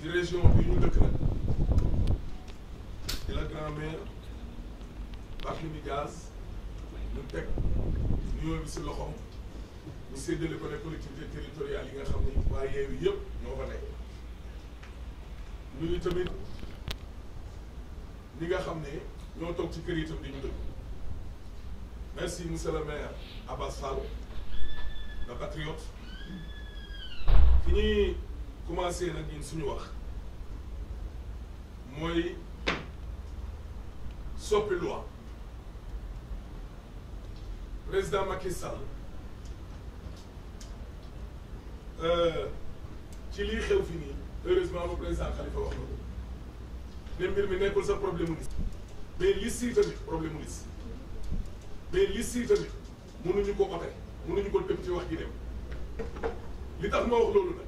ci région bi ñu dëkk nag di la grand maire Barthélémy Dias ñu teg nuyoo bi si loxom ñu séddale ko ne collectivité territoriale yi nga xam ne waa yeewu yëpp ñoo fa nekk ñu tamit ñi nga xam ne ñoo toog ci kër yi itam di ñu dëkk merci monsieur le maire Abbas Fall le patriote fi ñuy commencé nag ñun suñu wax mooy soppi loi président Macky Sall euh, ci lii xew fi nii heureusement ba président Khalifa wax na ko ne mbir mi nekkul sa problème mu liste mais liste yi tamit problème mu liste mais liste yi tamit mënuñu ko ote mënuñu ko dem ci wax ji dem li tax ma wax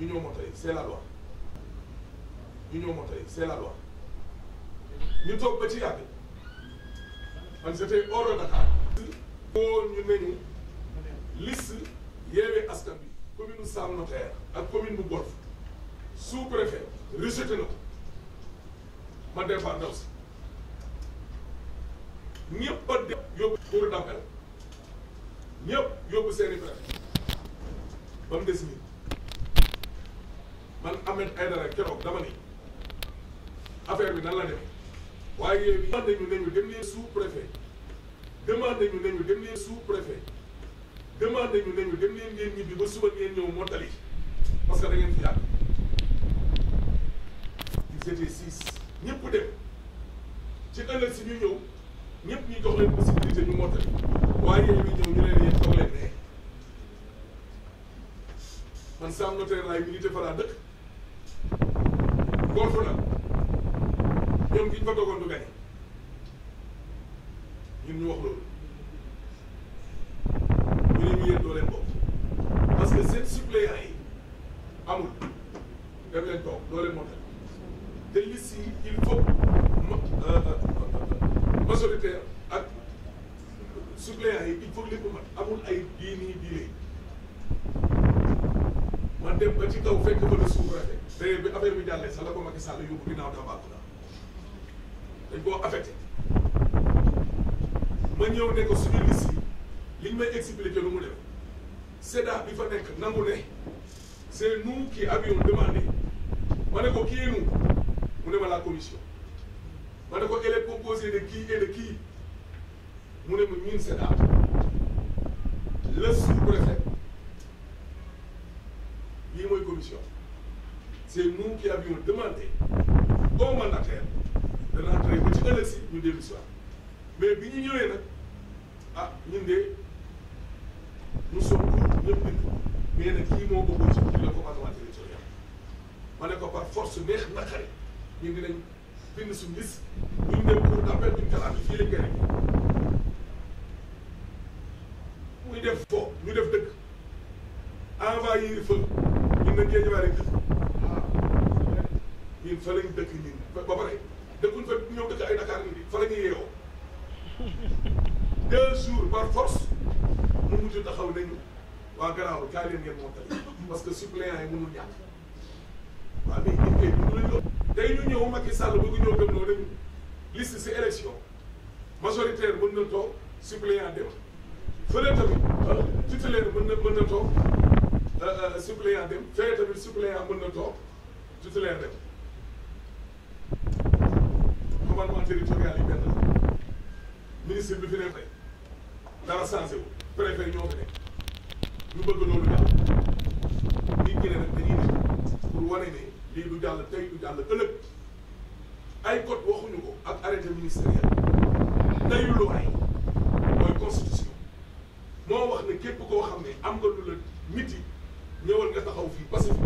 ñu ñoo mottali c'est la loi ñu ñoo mottali c'est la loi ñu toog ba ci yàgg man c'était hors de Dakar. boo ñu ne ñu liste yeewee askan bi commune bu Sam Notaire ak commune bu Golf sous-préfet rejeté na ko ma départ ndaw si ñëpp a dem yóbbu cour d'appel ñëpp yóbbu seen i préfet man Ahmed Aidara keroog dama ni affaire bi nan la demee waaye yéen demande nañu ne ñu dem leen sous préfet demande nañu ne ñu dem leen sous préfet demande nañu ne ñu dem leen ngeen ñibbi ba suba ngeen ñëw mottali parce que da ngeen fi yàgg ils étaient six ñëpp dem ci ëllëg si ñu ñëw ñëpp ñu jox leen possibilité ñu mottali waaye yéen ñëw ñu leen yéen toog leen ne man Sam Notaire laay milité fa laa dëkk. gortu na ñoom fi ñu fa dogoon du gañe ñun ñu wax loolu sax la ko Macky Sall yóbbu ginnaaw Tambacounda dañ koo affecté ma ñëw ne ko suñu liste yi liñ may expliqué lu mu def SEDA bi fa nekk nangu ne c'est nous qui avions demandé ma ne ko qui est mu ne ma la commission ma ne ko elle est composée de qui et de mu ne ma ñun SEDA le sous-préfet lii mooy commission. c'est nous qui avions demandé au mandataire de rentrer ba nous nous mais bi ah, nous sommes tous les plus mais nag ci le commandement territorial par force nous sommes tous les nous sommes d'appel def fo envahir feu nous sommes ñun fa lañ dëkk ñun ba pare dëkkuñ fa ñëw dëkk ay Dakar bi fa la ñuy deux jours par force mu mujj taxaw nañu waa garaaw kaay leen ngeen mottali parce que suppléant yi mënul ñàkk waaw mais ñun kay mënu lañ tey ñu ñëw Macky Sall bëgg ñoo gëm loo nañu liste si élection majoritaire mën na toog suppléant dem fële tamit titulaire mën na toog euh, euh, suppléant dem fee tamit suppléant mën na toog titulaire dem gouvernement territorial yi benn la ministre bi fi nekk tey dara sensé wu préfet ñoo ñu bëgg loolu jàll nit ñi ne nag dañuy ne pour wane ne lii du jàll tey du jàll ëllëg ay code waxuñu ko ak arrêté ministériel dayu ay mooy constitution moo wax ne képp koo xam ne am nga lu la nit ñëwal nga taxaw fii parce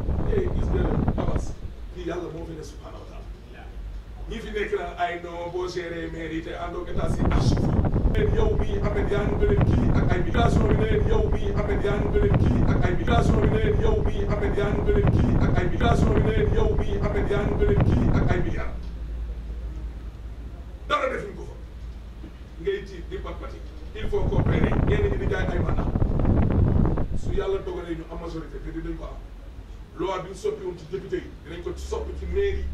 eh gis nga abbas kii yàlla moo fi ne subhaana wa taala ñi fi nekk la ay non boo géré maire yi te àndoo état si archive leen yow mii amet yaa ñu beneen kii ak ay migration bi ne leen yow mii amet yaa ñu beneen kii ak ay migration bi ne leen yow mii amet yaa ñu beneen kii ak ay migration bi ne leen yow mii amet yaa ñu beneen kii ak ay milliards dara defuñ ko fa ngay tiit di patpati il faut coopérer ñenn ñi di jaay ay mandat su yàlla dogalee ñu am majorité te dinañ ko am loi bi soppi woon ci député ko soppi ci mairie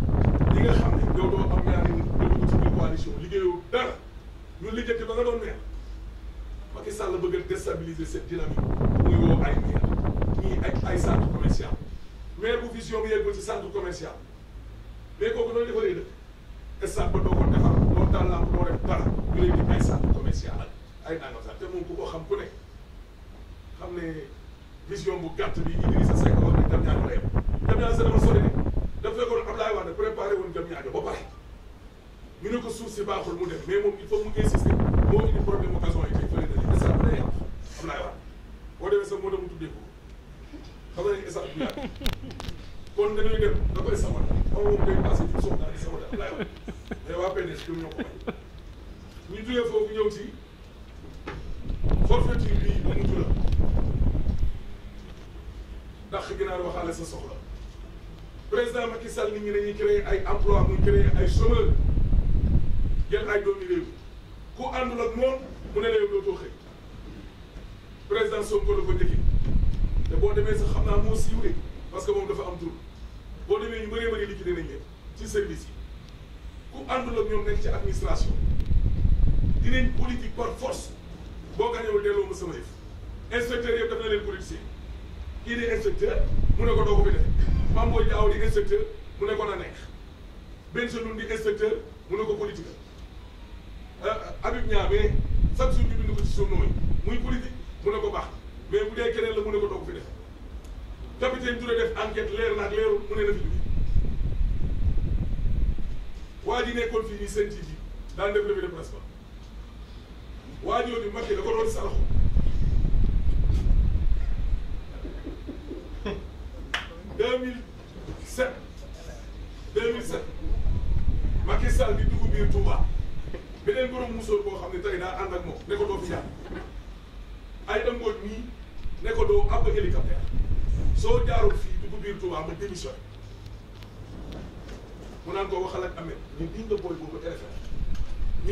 yi nga ne yow doo am ñaari nit nga dugg ci biir coalition liggéeyoo dara ñu liggéey ba nga doon maire Macky Sall bëgg a déstabiliser cette dynamique muy woo ay maire ñii ak ay centre commercial maire bu vision bi yeggul ci centre commercial mais kooku noonu defaree dëkk stade ba doo ko defar doo tàllaam doo def dara ñu lay di ay centre commercial ak ay nangam sax te moom ku ko xam ku ne xam ne vision bu gàtt bi Idrissa Seck ñu ne ko suuf si baaxul mu def mais moom il faut mu insister moo indi problème mu gazon yi tey fële na leen esaat bu ne yow am naa waat boo demee sa moo dem mu tuddee ko xam nga ne esaat bu yaatu kon dañuy dem da koy sawar xaw ma moom day passé pour soog daal di sawar daal laay wax mais waa PNS ñoom ñoo ko bañ ñu jógee foofu ñëw ci forfaiture bii ba mu jula ndax ginaar waxaale sa soxla président Macky Sall nit ñi dañuy créer ay emploi muy créer ay chômeurs. Sonko la ko njëkkee te boo demee sax xam naa moo siiw de parce que moom dafa am tur boo demee ñu bëree bëri liggéey nañ leen ci service yi ku àndul ak ñoom nekk ci administration dinañ politique par force boo gañewul delloo ma sama yëf inspecteur yëpp daf na leen politicien kii di inspecteur mu ne ko doo ko fi def Mame Boye Diao di inspecteur mu ne ko na nekk Bengelloune di inspecteur mu ne ko politique euh, Habib Niang mais chaque jour ñu bind ko ci journaux muy politique mu ne ko baax mais bu dee keneen la mu ne ko toog fi def capitaine Touré def enquête leer na ak leerul mu ne na fi jóge waa ji nekkoon fii nii seen TV daan def revue de presse ba waa ji yooyu Macky da ko doon saraxu deux mille sept deux mille sept Macky Sall di dugg biir Touba beneen borom musóor boo xam ne tey daa ànd ak moom ne ko am nga hélicoptère biir Touba ma démissionné mu naan ko waxal ak Ameth Je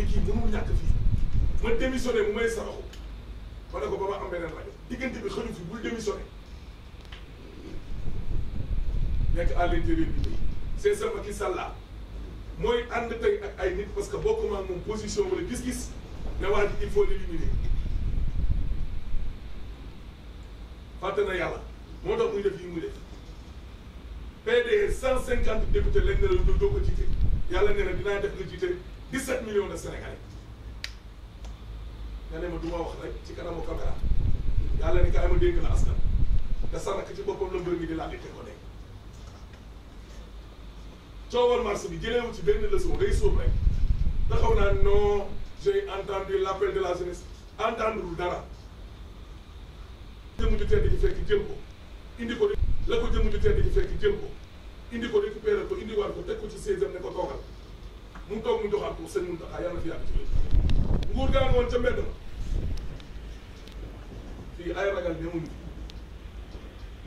suis téléphone ñàkk fii ma démissionné mu may saraxu ma ne ko ma am beneen rajo diggante bi xëñu fi bul démissionné nekk à l'intérieur c'est ça Macky Sall mooy ànd tey ak ay nit parce que bokkuma de moom position wala gis-gis ne waa il faut éliminer ». fàtte na yàlla moo tax muy def yi muy def PDS 150 députés lañ ne la doo doo ko jiite yàlla nee na dinaa def nga jiite 17 millions de sénégalais nga ma du ma wax rek ci kanamu caméra yàlla ni kaay ma dénk la askan te sanak ci boppam la mbër mi di laal di ko nekk coowal marché bi jëleewu ci benn leçon day suuf rek taxaw naa non j'ai entendu l' appel de la jeunesse entendre dara. jëmm ju tedd ji fekk jël ko indi ko la ko jëmm ju tedd ji fekk jël ko indi ko récupéré ko indi waat ko teg ko ci séesam ne ko toogal mu toog mu joxaat ko sëñ Mountakha yàlla fi yàgg ci wér nguur gaa ngoon ca ma fii ay ragal ñëwuñu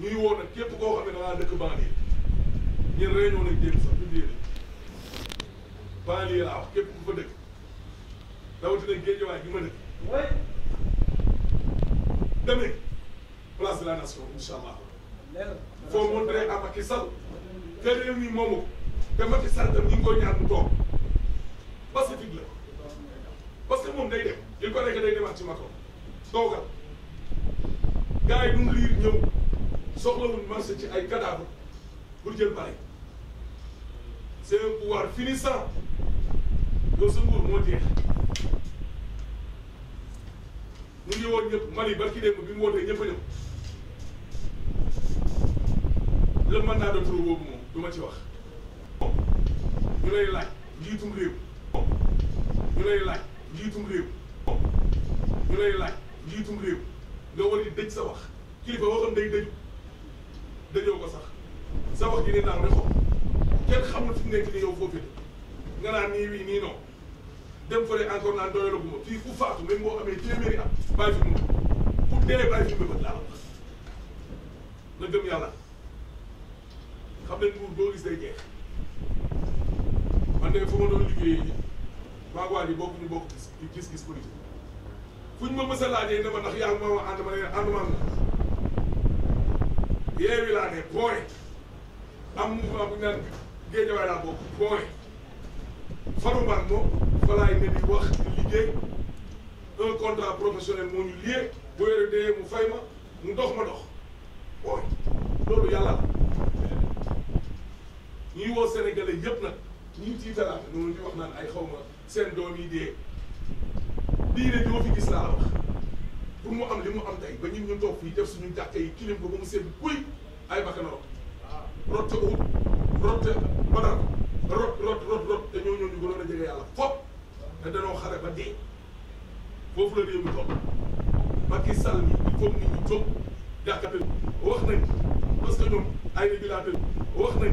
ñuy woo nag képp koo xam ne da ngaa dëkk banlieue ñun réunion nañ jéem sax publié nañ ku fa dëkk rawatina géejewaay gi ma dëkk. place de la nation incha allah faut montrer à Macky Sall que réew mi moomu te Macky Sall tam mu toog pacifique la parce que moom day dem il ko nekk day demaat ci Macron toogal gars yi duñ liir ñëw soxlawul marché ci ay cadavre pour jël pare c'est un pouvoir finissant yow sa moo jeex ñu ngi woon ñëpp Mali barki démb bi mu wootee ñëpp le mandat de trop boobu moom du ma ci wax. ñu lay laaj njiitum réew. ñu lay laaj njiitum réew. ñu lay laaj nga war di dëj sa wax kilifa waxam day dëju dëjoo ko sax sa wax ji ne naan rek kenn xamul fi mu nekk ni yow foofu nga naa nii wii nii non dem fële encore naan doyaloo bu ma fii ku faatu même boo amee téeméeri at bàyyi fi mu ne ku dee bàyyi fi mu ne ba la yàlla. xam ne nguur boo gis day jeex man de fu ma doon liggéeyee ñi maag waa ji bokk ñu bokk gis gis-gis politique fuñ ma mës a laajee ne ma ndax yaa ngi ma ànd ma ne àndumaan la yeewi laa ne point am mouvement bu ñu naan géejawaay laa bokk point farumaan moom fa laay ne di wax di liggéey un contrat professionnel moo ñu lié bu yore dee mu fay ma mu dox ma dox yëpp nag ñi ngi ciy talaata noonu di wax naan ay xaw ma seen doom yi dee diine ñoo fi gis laa la wax pour mu am li mu am tey ba ñun ñu toog fii def suñu jàkka yi kilim ko ba mu sedd kuy ay bakkan rot rotte Uhud rotte Badar rot rot te ñoo ñoo ñu gënoon a jege yàlla foofu la réew mi toog Macky Sall mi il faut nit ñu jóg jàkkatal wax nañ parce que ñoom ay régulateur wax nañ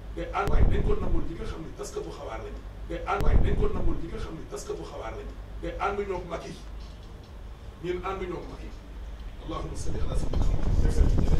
te ànduwaay dañ ko nangul ñi nga xam ne taskatu xabaar lañ te ànduwaay dañ ko nangul ñi nga xam ne taskatu xabaar lañ te ànduñoo ak Macky ñun ànduñoo ak Macky allahumma salli ala